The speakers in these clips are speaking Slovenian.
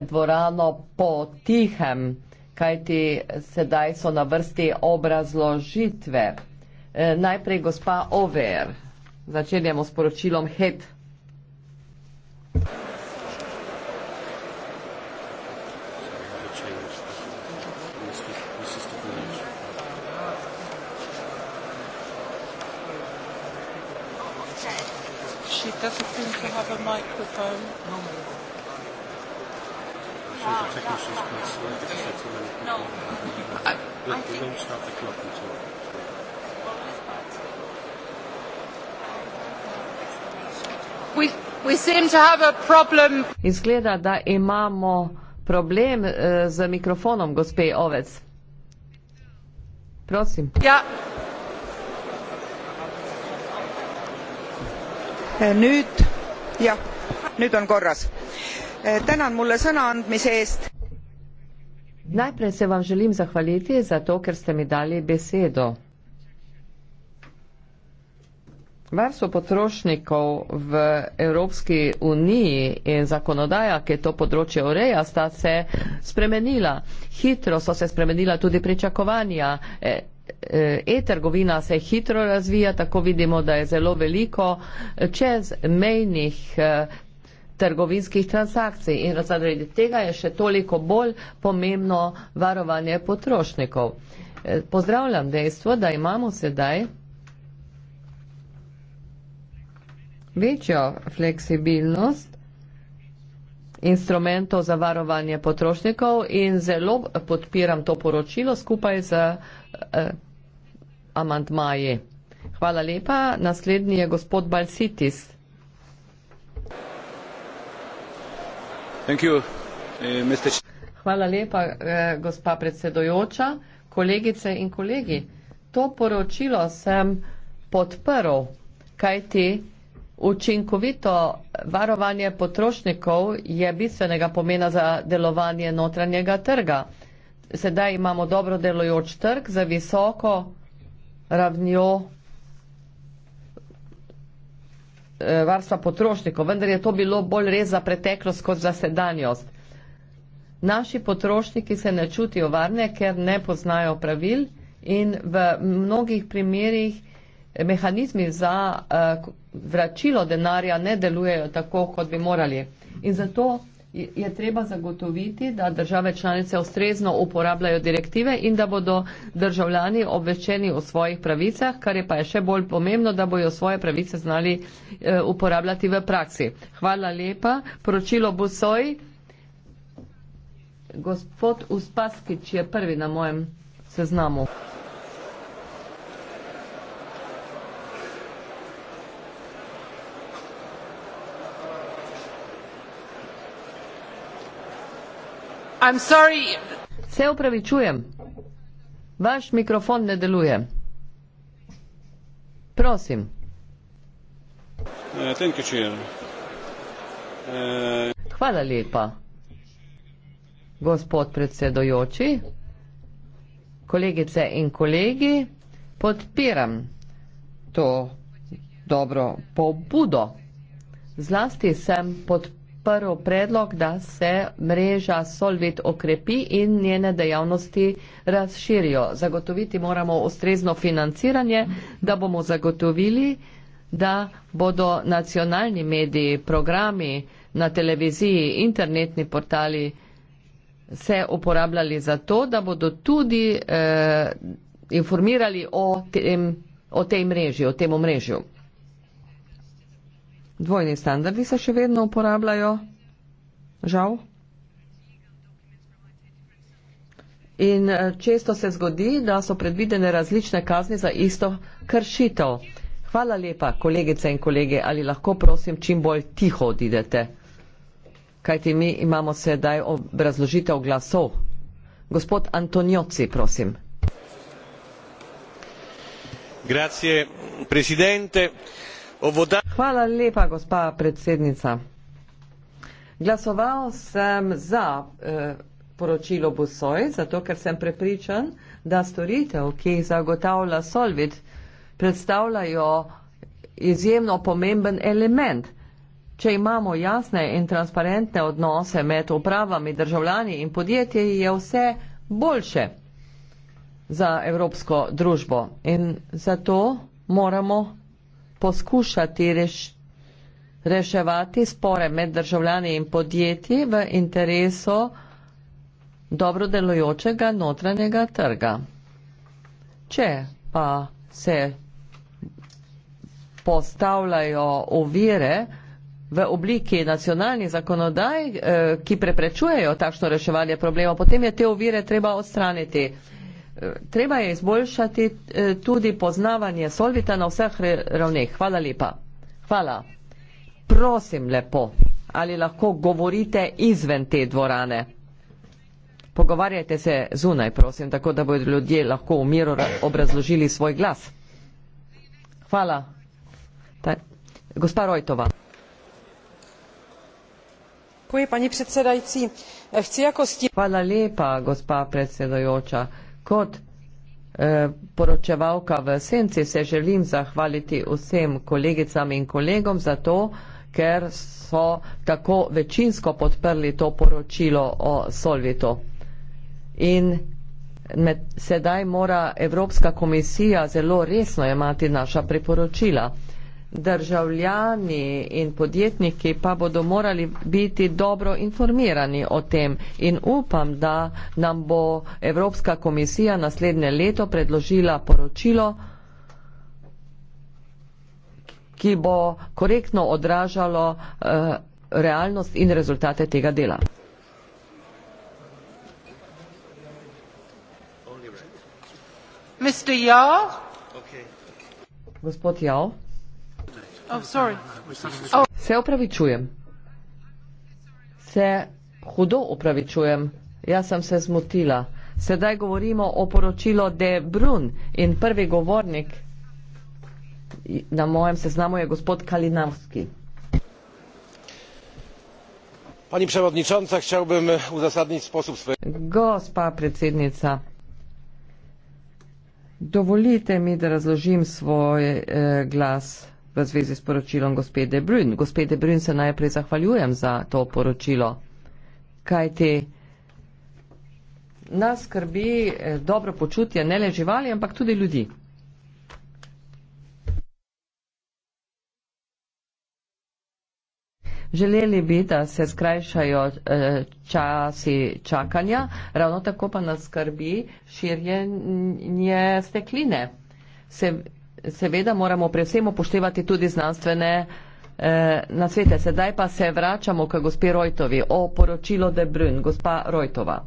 dvorano po tihem, kajti sedaj so na vrsti obrazložitve. E, najprej gospa Over, začenjamo s poročilom HET. She doesn't seem to have a microphone. No sort of technician is quite slight to sit on any people. Look, we don't start the clock until. We, we seem to have a problem. Izgleda, da imamo problem uh, z mikrofonom, gospe Ovec. Prosim. Ja. Eh, nüüd, ja, nüüd on korras. Eh, tänan mulle sõna andmise eest. najprej se vam želim zahvaliti za to, ker ste mi dali besedo. Varstvo potrošnikov v Evropski uniji in zakonodaja, ki to področje ureja, sta se spremenila. Hitro so se spremenila tudi pričakovanja. E, e, e-trgovina se hitro razvija, tako vidimo, da je zelo veliko čezmejnih e, trgovinskih transakcij in zaradi tega je še toliko bolj pomembno varovanje potrošnikov. E, pozdravljam dejstvo, da imamo sedaj večjo fleksibilnost instrumentov za varovanje potrošnikov in zelo podpiram to poročilo skupaj z eh, amantmaji. Hvala lepa. Naslednji je gospod Balsitis. Eh, Hvala lepa, eh, gospa predsedojoča, kolegice in kolegi. To poročilo sem podprl, kajti učinkovito varovanje potrošnikov je bistvenega pomena za delovanje notranjega trga. Sedaj imamo dobro delojoč trg za visoko ravnjo Eh, varstva potrošnikov, vendar je to bilo bolj res za preteklost kot za sedanjost. Naši potrošniki se ne čutijo varne, ker ne poznajo pravil in v mnogih primerjih mehanizmi za eh, vračilo denarja ne delujejo tako, kot bi morali. In zato je treba zagotoviti, da države članice ustrezno uporabljajo direktive in da bodo državljani obveščeni o svojih pravicah, kar je pa je še bolj pomembno, da bojo svoje pravice znali eh, uporabljati v praksi. Hvala lepa. Poročilo bo soj. Gospod Uspaskič je prvi na mojem seznamu. Se upravičujem. Vaš mikrofon ne deluje. Prosim. Uh, uh, Hvala lepa. Gospod predsedojoči, kolegice in kolegi, podpiram to dobro pobudo. Zlasti sem podpiral podprl predlog, da se mreža Solvit okrepi in njene dejavnosti razširijo. Zagotoviti moramo ustrezno financiranje, da bomo zagotovili, da bodo nacionalni mediji, programi na televiziji, internetni portali se uporabljali za to, da bodo tudi eh, informirali o tem, o tej mreži, o tem omrežju. Dvojni standardi se še vedno uporabljajo, žal. In eh, često se zgodi, da so predvidene različne kazni za isto kršitev. Hvala lepa, kolegice in kolege, ali lahko prosim čim bolj tiho odidete. Kajti mi imamo sedaj obrazložitev glasov. Gospod Antonioci, prosim. Grazie, presidente. Ovoda... Hvala lepa, gospa predsednica. Glasoval sem za eh, poročilo Busoj, zato ker sem prepričan, da storitev, ki jih zagotavlja Solvit, predstavljajo izjemno pomemben element. Če imamo jasne in transparentne odnose med upravami, državljani in podjetji, je vse boljše za evropsko družbo. In zato moramo poskušati reš, reševati spore med državljani in podjetji v interesu dobro delujočega notranjega trga. Če pa se postavljajo ovire v obliki nacionalnih zakonodaj, eh, ki preprečujejo takšno reševanje problema, potem je te ovire treba odstraniti treba je izboljšati e, tudi poznavanje solvita na vseh ravneh. Hvala lepa. Hvala. Prosim lepo, ali lahko govorite izven te dvorane. Pogovarjajte se zunaj, prosim, tako da bodo ljudje lahko v miru obrazložili svoj glas. Hvala. Ta, gospa Rojtova. Hvala lepa, gospa predsedojoča. Kot eh, poročevalka v senci se želim zahvaliti vsem kolegicam in kolegom za to, ker so tako večinsko podprli to poročilo o Solvitu. In med, sedaj mora Evropska komisija zelo resno imati naša priporočila državljani in podjetniki pa bodo morali biti dobro informirani o tem in upam, da nam bo Evropska komisija naslednje leto predložila poročilo, ki bo korektno odražalo eh, realnost in rezultate tega dela. Mr. Yao? Okay. Gospod Yao? Oh, oh. Se upravičujem. Se hudo upravičujem. Jaz sem se zmotila. Sedaj govorimo o poročilu De Brun in prvi govornik na mojem seznamu je gospod Kalinavski. Pani predsednica, chciałbym uzasadnić sposób swojej. Gospa predsednica, dovolite mi, da razložim svoj eh, glas v zvezi s poročilom gospede Brün. Gospede Brün se najprej zahvaljujem za to poročilo, kajti nas skrbi eh, dobro počutje ne le živali, ampak tudi ljudi. Želeli bi, da se skrajšajo eh, časi čakanja, ravno tako pa nas skrbi širjenje stekline. Se seveda moramo pri vsem upoštevati tudi znanstvene eh, nasvete. Sedaj pa se vračamo k gospe Rojtovi o poročilo De Brun. Gospa Rojtova.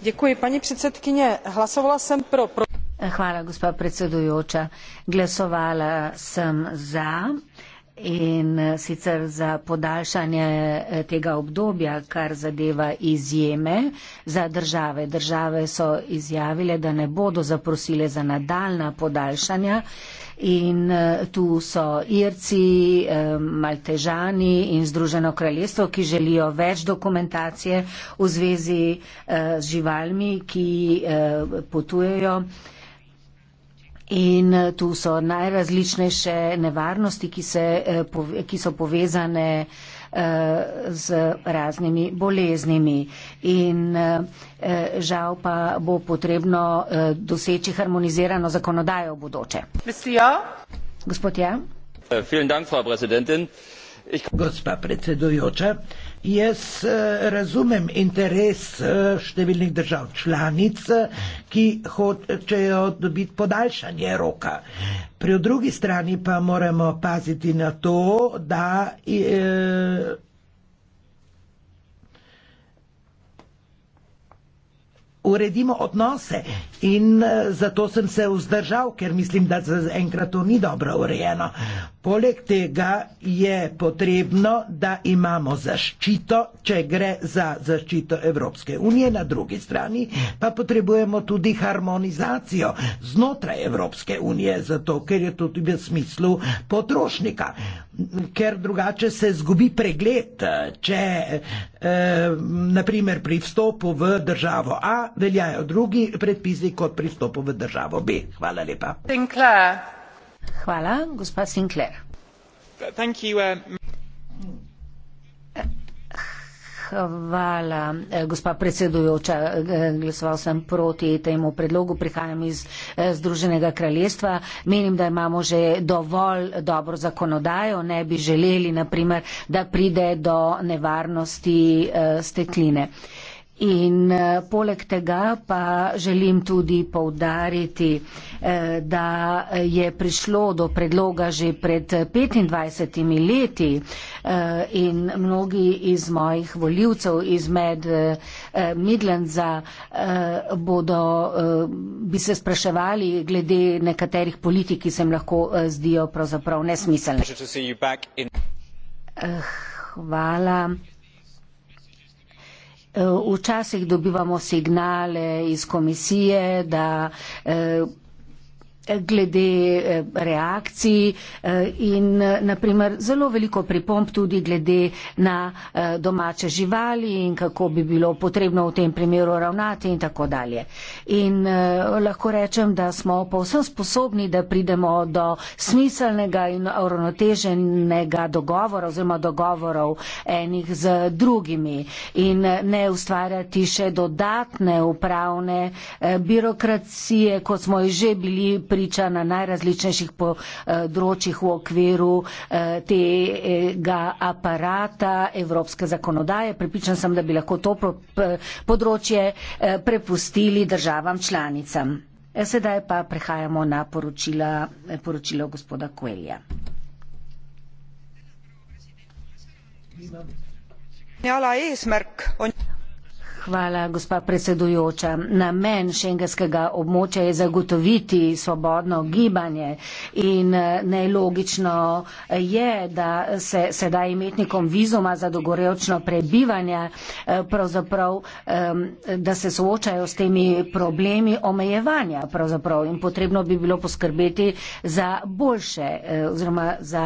Děkuji, paní předsedkyně. Hlasovala jsem pro. pro... Hvala, gospa predsedujoča. Glasovala sem za. Eh, In eh, sicer za podaljšanje eh, tega obdobja, kar zadeva izjeme za države. Države so izjavile, da ne bodo zaprosile za nadaljna podaljšanja. In eh, tu so Irci, Maltežani in Združeno kraljestvo, ki želijo več dokumentacije v zvezi z živalmi, ki potujejo In eh, tu so najrazličnejše nevarnosti, ki, se, eh, ki so povezane eh, z raznimi boleznimi. In žal pa bo potrebno doseči harmonizirano zakonodajo v bodoče. Ja? Gospod Ja. Gospa predsedujoča, Jaz eh, razumem interes eh, številnih držav članic, eh, ki hočejo dobiti podaljšanje roka. Pri drugi strani pa moramo paziti na to, da uredimo odnose in eh, zato sem se vzdržal, ker mislim, da zaenkrat to ni dobro urejeno. Poleg tega je potrebno, da imamo zaščito, če gre za zaščito Evropske unije, na drugi strani pa potrebujemo tudi harmonizacijo znotraj Evropske unije, zato ker je to tudi v smislu potrošnika ker drugače se zgubi pregled, če eh, naprimer pri vstopu v državo A veljajo drugi predpisi kot pri vstopu v državo B. Hvala lepa. Sinclair. Hvala, gospa Sinclair. Thank you, um... Hvala, eh, gospa predsedujoča. Eh, glasoval sem proti temu predlogu. Prihajam iz eh, Združenega kraljestva. Menim, da imamo že dovolj dobro zakonodajo. Ne bi želeli, naprimer, da pride do nevarnosti stekline. Uh, In eh, poleg tega pa želim tudi povdariti, eh, da je prišlo do predloga že pred 25 eh, leti in mnogi iz mojih voljivcev izmed Midlandza bodo, bi se spraševali glede nekaterih politik, ki se jim lahko zdijo pravzaprav nesmiselne. Hvala. Eh, včasih dobivamo signale iz komisije, da eh, glede eh, reakcij eh, in eh, naprimer zelo veliko pripomb tudi glede na domače živali in kako bi bilo potrebno v tem primeru ravnati in tako dalje. In lahko rečem, da smo povsem sposobni, da pridemo do smiselnega in uravnoteženega dogovora oziroma dogovorov enih z drugimi in ne ustvarjati še dodatne upravne birokracije, kot smo jih že bili pri priča na najrazličnejših področjih v okviru eh, tega aparata evropske zakonodaje. Pripričan sem, da bi lahko to področje eh, prepustili državam članicam. E, sedaj pa prehajamo na poročila, poročilo gospoda Kuelja. Hvala, Esmerk. On... Hvala, gospa predsedujoča. Namen šengenskega območja je zagotoviti svobodno gibanje in eh, najlogično eh, je, da se sedaj imetnikom vizuma za dogoreočno prebivanje eh, pravzaprav, da se soočajo s temi problemi omejevanja pravzaprav in potrebno bi bilo poskrbeti za boljše oziroma za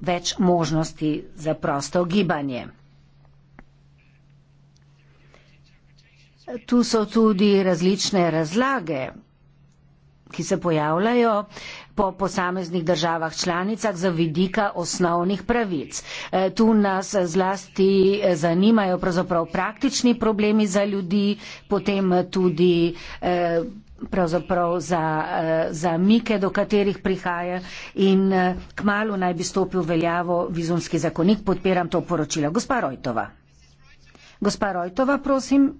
več možnosti za prosto gibanje. Tu so tudi različne razlage, ki se pojavljajo po posameznih državah članicah za vidika osnovnih pravic. E, tu nas zlasti zanimajo pravzaprav praktični problemi za ljudi, potem tudi e, pravzaprav za, e, za mike, do katerih prihaja in kmalo naj bi stopil veljavo vizumski zakonik. Podpiram to poročilo. Gospa Rojtova. Gospa Rojtova, prosim.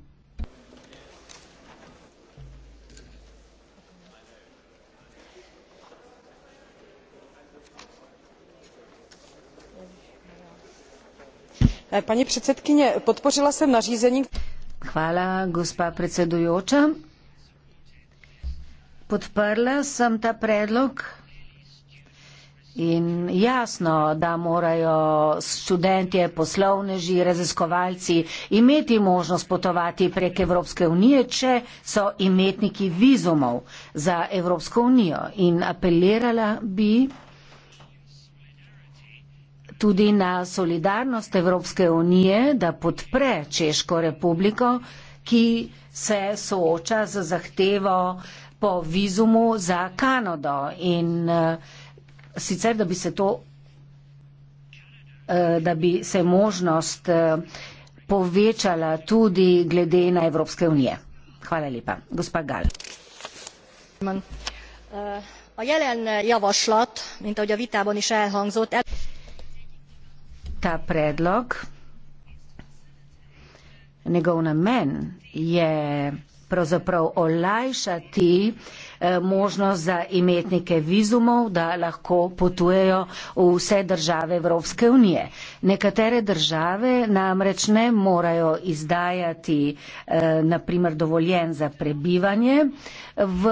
Eh, paní předsedkyně podpořila jsem nařízení. gospa predsedujoča podprla sem ta predlog in jasno da morajo študentje poslovneži raziskovalci imeti možnost potovati prek evropske unije če so imetniki vizumov za evropsko unijo in apelirala bi tudi na solidarnost Evropske unije, da podpre Češko republiko, ki se sooča z zahtevo po vizumu za Kanado in uh, sicer, da bi se to, uh, da bi se možnost uh, povečala tudi glede na Evropske unije. Hvala lepa. Gospa Gal. A jelen javaslat, mint ahogy a vitában is elhangzott, ta predlog. Njegov namen je pravzaprav olajšati eh, možnost za imetnike vizumov, da lahko potujejo v vse države Evropske unije. Nekatere države namreč ne morajo izdajati eh, naprimer dovoljen za prebivanje v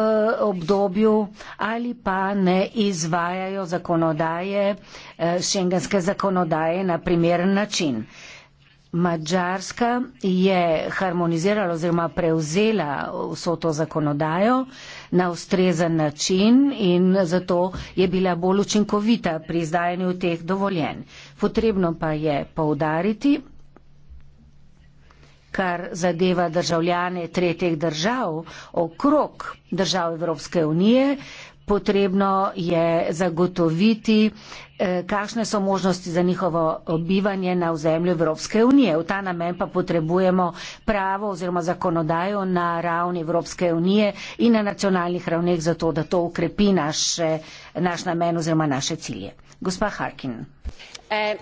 obdobju ali pa ne izvajajo zakonodaje, eh, šengenske zakonodaje na primeren način. Mačarska je harmonizirala oziroma prevzela vso to zakonodajo na ustrezen način in zato je bila bolj učinkovita pri izdajanju teh dovoljen. Potrebno pa je poudariti, kar zadeva državljane tretjih držav okrog držav Evropske unije, potrebno je zagotoviti, eh, kakšne so možnosti za njihovo obivanje na ozemlju Evropske unije. V ta namen pa potrebujemo pravo oziroma zakonodajo na ravni Evropske unije in na nacionalnih ravneh za to, da to ukrepi naš, naš namen oziroma naše cilje. Eh,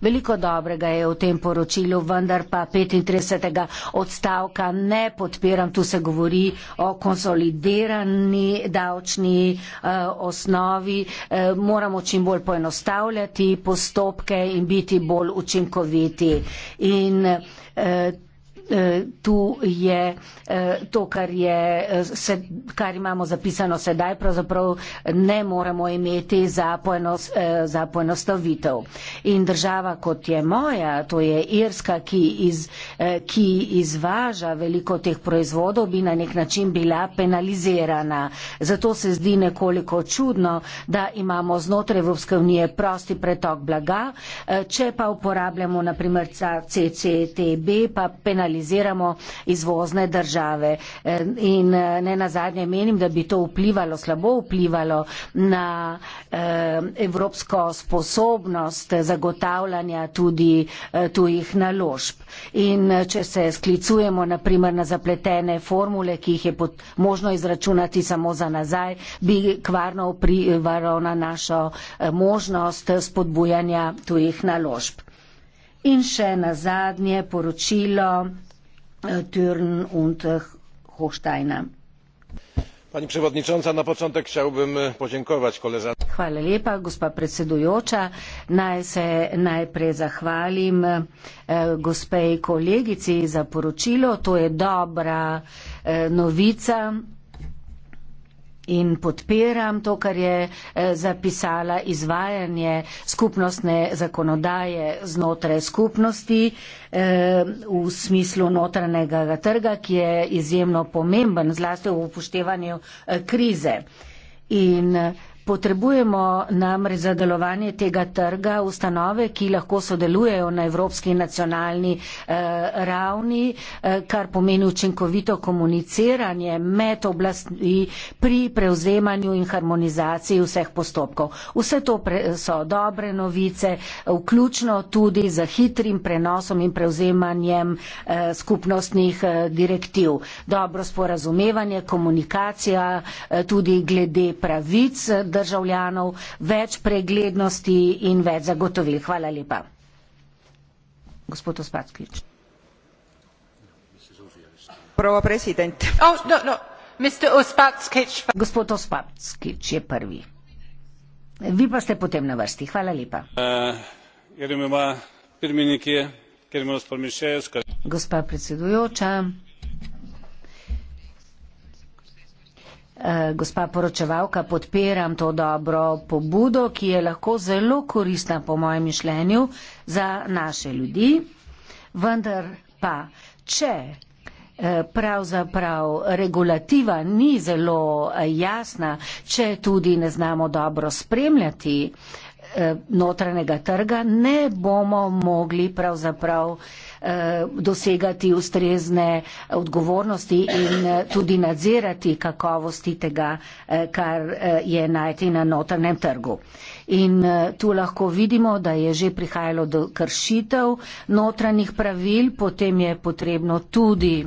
Veliko dobrega je v tem poročilu, vendar pa 35. odstavka ne podpiram. Tu se govori o konsolidirani davčni eh, osnovi. Eh, moramo čim bolj poenostavljati postopke in biti bolj učinkoviti. In, eh, Eh, tu je eh, to, kar, je, eh, se, kar imamo zapisano sedaj, pravzaprav ne moremo imeti za, poenos, za poenostavitev. In država, kot je moja, to je Irska, ki, iz, ki izvaža veliko teh proizvodov, bi na nek način bila penalizirana. Zato se zdi nekoliko čudno, da imamo znotraj Evropske unije prosti pretok blaga, če pa uporabljamo naprimer CCTB, pa penalizirano realiziramo izvozne države. Eh, in eh, ne na zadnje menim, da bi to vplivalo, slabo vplivalo na eh, evropsko sposobnost zagotavljanja tudi tujih naložb. In če se sklicujemo naprimer na zapletene formule, ki jih je možno izračunati samo za nazaj, bi kvarno vplivalo na našo možnost spodbujanja tujih naložb. In še na zadnje poročilo E, Thürn und Hochsteiner. Pani przewodnicząca, na początek chciałbym podziękować koleżance. Hvala lepa, gospa predsedujoča. Naj se najprej zahvalim e, gospej kolegici za poročilo. To je dobra e, novica in podpiram to, kar je eh, zapisala izvajanje skupnostne zakonodaje znotraj skupnosti eh, v smislu notranjega trga, ki je izjemno pomemben, zlasti v upoštevanju eh, krize. In, uh, Potrebujemo namreč za delovanje tega trga ustanove, ki lahko sodelujejo na evropski nacionalni eh, ravni, eh, kar pomeni učinkovito komuniciranje med oblasti pri prevzemanju in harmonizaciji vseh postopkov. Vse to pre, so dobre novice, vključno tudi za hitrim prenosom in prevzemanjem eh, skupnostnih eh, direktiv. Dobro sporazumevanje, komunikacija, eh, tudi glede pravic, državljanov, več preglednosti in več zagotovil. Hvala lepa. Gospod Ospatskič. Prvo presidente. Oh, no, no. Ospatskič. Gospod Ospatskič je prvi. Vi pa ste potem na vrsti. Hvala lepa. Uh, Gospa predsedujoča. Eh, gospa poročevalka, podpiram to dobro pobudo, ki je lahko zelo koristna, po mojem mišljenju, za naše ljudi. Vendar pa, če eh, pravzaprav regulativa ni zelo eh, jasna, če tudi ne znamo dobro spremljati notranjega trga, ne bomo mogli pravzaprav Eh, dosegati ustrezne odgovornosti in eh, tudi nadzirati kakovosti tega, eh, kar je najti na notranjem trgu. In tu lahko vidimo, da je že prihajalo do kršitev notranjih pravil, potem je potrebno tudi ehm,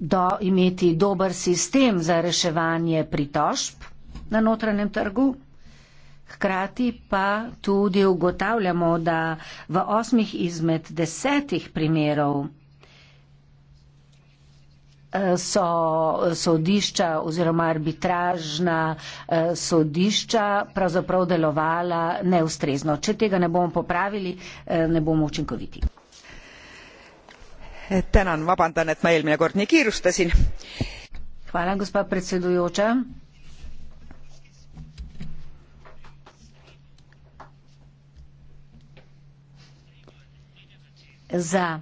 da imeti dober sistem za reševanje pritožb na notranjem trgu. Hkrati pa tudi ugotavljamo, da v osmih izmed desetih primerov eh, so sodišča oziroma arbitražna eh, sodišča pravzaprav delovala neustrezno. Če tega ne bomo popravili, eh, ne bomo učinkoviti. Tänan, vabandan, et ma eelmine kord nii kiirustasin. Hvala, gospa predsedujoča. za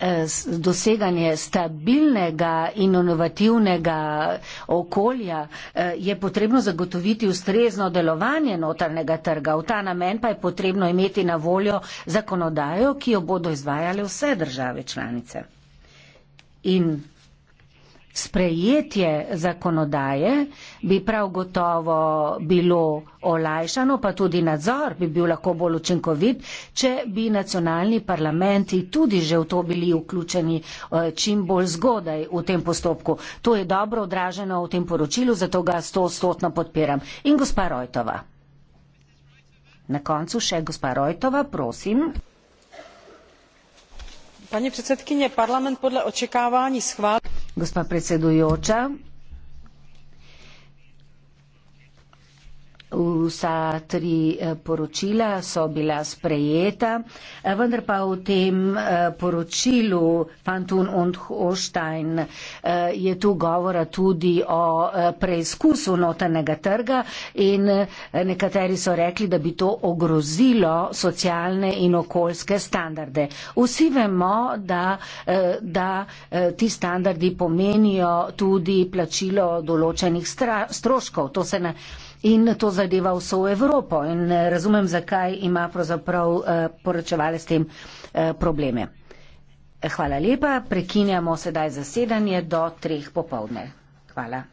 eh, doseganje stabilnega in inovativnega okolja eh, je potrebno zagotoviti ustrezno delovanje notranjega trga. V ta namen pa je potrebno imeti na voljo zakonodajo, ki jo bodo izvajale vse države članice. In sprejetje zakonodaje bi prav gotovo bilo olajšano, pa tudi nadzor bi bil lahko bolj učinkovit, če bi nacionalni parlamenti tudi že v to bili vključeni eh, čim bolj zgodaj v tem postopku. To je dobro odraženo v tem poročilu, zato ga stotno podpiram. In gospa Rojtova. Na koncu še gospa Rojtova, prosim. Pani predsedkinje, parlament podle očekavanj schvali. Gospa predsedujoča, Vsa tri eh, poročila so bila sprejeta, eh, vendar pa v tem eh, poročilu Fantun und Hoštajn je tu govora tudi o preizkusu notenega trga in nekateri so rekli, da bi to ogrozilo socialne in okoljske standarde. Vsi vemo, da, da ti standardi pomenijo tudi plačilo določenih stroškov. To se ne. In to zadeva vso Evropo in eh, razumem, zakaj ima pravzaprav eh, poročevale s tem eh, probleme. Hvala lepa, prekinjamo sedaj zasedanje do treh popovdne. Hvala.